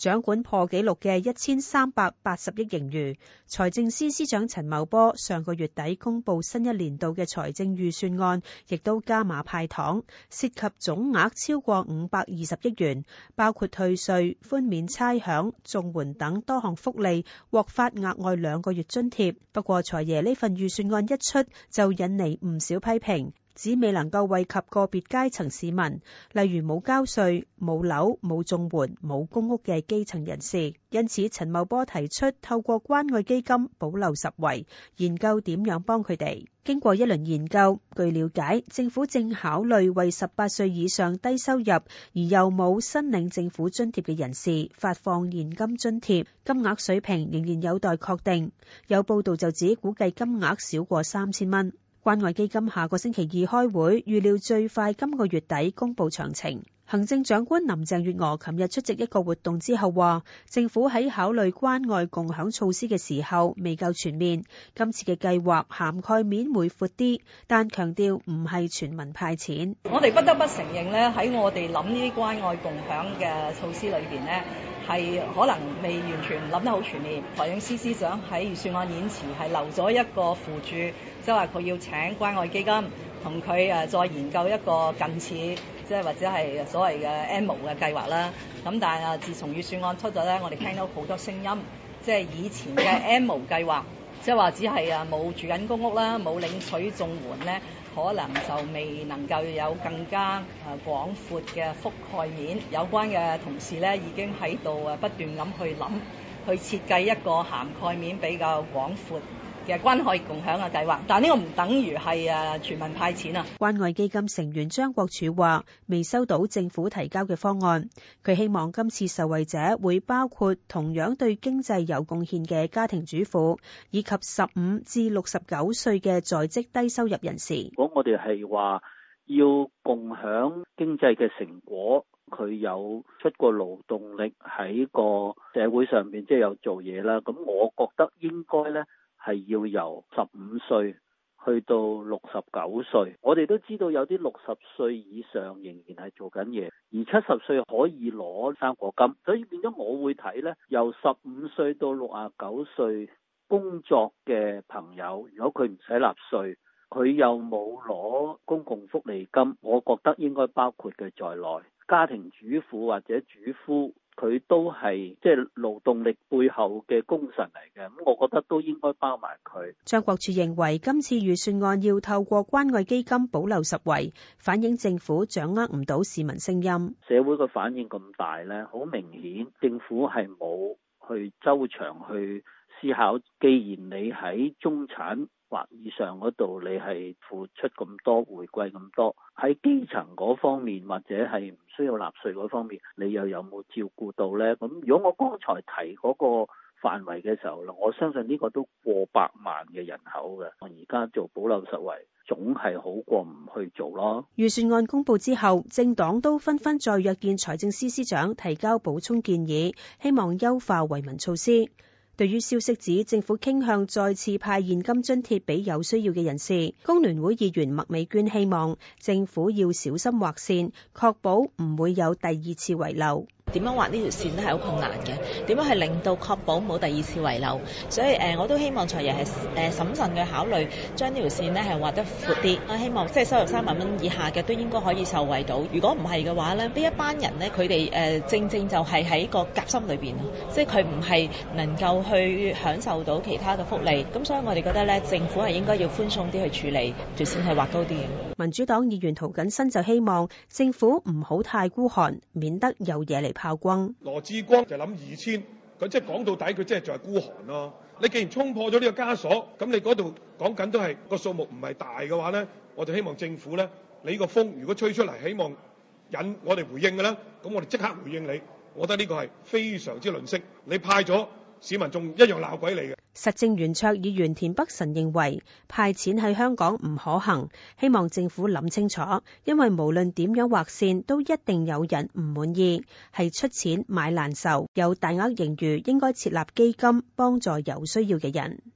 掌管破紀錄嘅一千三百八十億盈餘，財政司司長陳茂波上個月底公布新一年度嘅財政預算案，亦都加碼派糖，涉及總額超過五百二十億元，包括退稅、寬免差餉、綜援等多項福利，獲發額外兩個月津貼。不過，財爺呢份預算案一出就引嚟唔少批評。只未能夠惠及個別階層市民，例如冇交稅、冇樓、冇綜援、冇公屋嘅基層人士。因此，陳茂波提出透過關愛基金補漏拾遺，研究點樣幫佢哋。經過一輪研究，據了解，政府正考慮為十八歲以上低收入而又冇申領政府津貼嘅人士發放現金津貼，金額水平仍然有待確定。有報道就指估計金額少過三千蚊。關愛基金下個星期二開會，預料最快今個月底公布詳情。行政長官林鄭月娥琴日出席一個活動之後話，政府喺考慮關愛共享措施嘅時候未夠全面，今次嘅計劃涵蓋面會闊啲，但強調唔係全民派錢 我哋不得不承認呢喺我哋諗呢啲關愛共享嘅措施裏邊呢係可能未完全諗得好全面 beast。財政司司長喺預算案演詞係留咗一個輔助，即係話佢要請關愛基金同佢誒再研究一個近似。más ielle 即係或者係所謂嘅 M 嘅計劃啦，咁但係啊，自從預算案出咗咧，我哋聽到好多聲音，即係以前嘅 M 計劃，即係話只係啊冇住緊公屋啦，冇領取綜援咧，可能就未能夠有更加啊廣闊嘅覆蓋面。有關嘅同事咧已經喺度啊不斷咁去諗，去設計一個涵蓋面比較廣闊關愛共享嘅計劃，但係呢個唔等於係誒全民派錢啊！關愛基金成員張國柱話，未收到政府提交嘅方案，佢希望今次受惠者會包括同樣對經濟有貢獻嘅家庭主婦，以及十五至六十九歲嘅在職低收入人士。如果我哋係話要共享經濟嘅成果，佢有出過勞動力喺個社會上面，即係有做嘢啦，咁我覺得應該咧。係要由十五歲去到六十九歲，我哋都知道有啲六十歲以上仍然係做緊嘢，而七十歲可以攞生果金，所以變咗我會睇呢：由十五歲到六十九歲工作嘅朋友，如果佢唔使納稅，佢又冇攞公共福利金，我覺得應該包括佢在內，家庭主婦或者主夫。佢都係即係勞動力背後嘅功臣嚟嘅，咁我覺得都應該包埋佢。張國柱認為今次預算案要透過關愛基金補漏拾遺，反映政府掌握唔到市民聲音。社會嘅反應咁大呢，好明顯政府係冇去周詳去思考，既然你喺中產或以上嗰度，你係付出咁多，回饋咁多喺基層嗰方面，或者係唔需要納稅嗰方面，你又有冇照顧到咧？咁如果我剛才提嗰個範圍嘅時候，我相信呢個都過百萬嘅人口嘅。我而家做保留實惠，總係好過唔去做咯。預算案公布之後，政黨都紛紛再約見財政司司長提交補充建議，希望優化惠民措施。對於消息指政府傾向再次派現金津貼俾有需要嘅人士，工聯會議員麥美娟希望政府要小心劃線，確保唔會有第二次遺漏。點樣畫呢條線都係好困難嘅，點樣係令到確保冇第二次遺漏，所以誒、呃、我都希望財爺係誒審慎嘅考慮，將呢條線呢係畫得闊啲。我、啊、希望即係收入三萬蚊以下嘅都應該可以受惠到，如果唔係嘅話咧，呢一班人呢，佢哋誒正正就係喺個夾心裏邊，即係佢唔係能夠去享受到其他嘅福利，咁所以我哋覺得咧政府係應該要寬鬆啲去處理，就先係畫高啲。民主黨議員涂謹申就希望政府唔好太孤寒，免得有嘢嚟。炮轟 羅志光就諗二千，佢即係講到底，佢即係就係孤寒咯、啊。你既然衝破咗呢個枷鎖，咁你嗰度講緊都係個數目唔係大嘅話咧，我就希望政府咧，你個風如果吹出嚟，希望引我哋回應嘅啦。咁我哋即刻回應你。我覺得呢個係非常之吝嗇，你派咗。市民仲一樣鬧鬼你嘅。實政圓桌議員田北辰認為，派錢喺香港唔可行，希望政府諗清楚，因為無論點樣劃線，都一定有人唔滿意，係出錢買難受。有大額盈餘，應該設立基金幫助有需要嘅人。